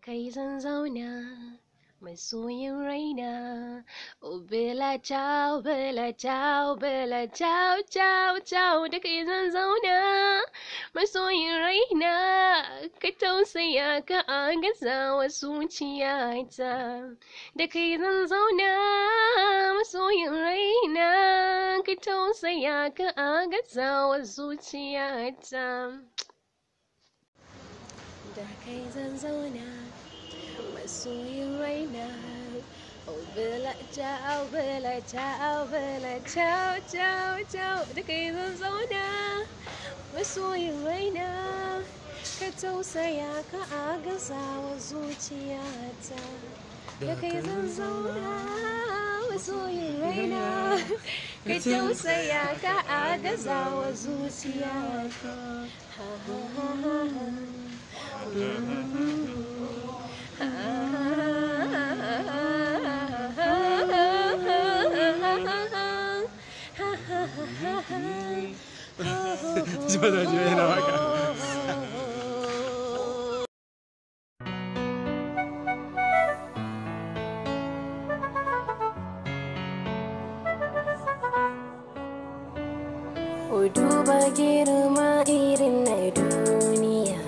kai zan zauna masoyin raina o oh, bela ciao bela ciao bela ciao ciao ciao da kai zan zauna masoyin raina ka tausaya ka agaza wa zuciyata da kai zan zauna masoyin raina ka tausaya ka agaza wa zuciyata da kai zan zauna masoyin raina Obila oh, Bella ciao, Bella ciao, Bella ciao, ciao, Da kai zan zauna masoyin raina Ka tausaya ka agaza wa zuciyata Da kai zan zauna ka tausaya ka agaza wa zuciya duba girma irin na duniya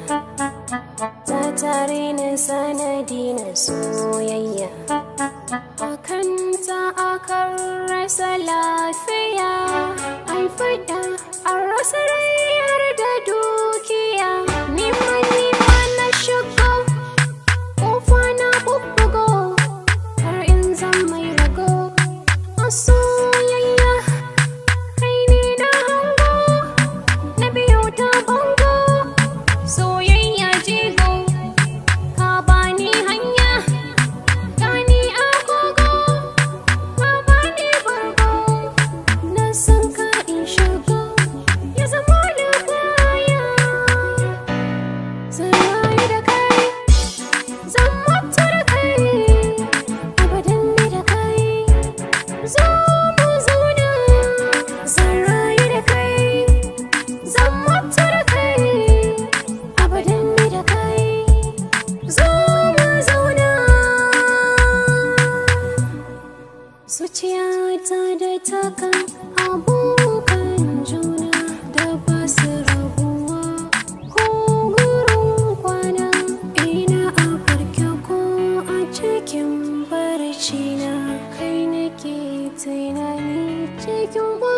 ta tare na sanadi na soyayya zuciyata da taka abokan juna da ba su rabuwa ko gurin kwana ina a farke ko a cikin barci na kai nake tunani cikin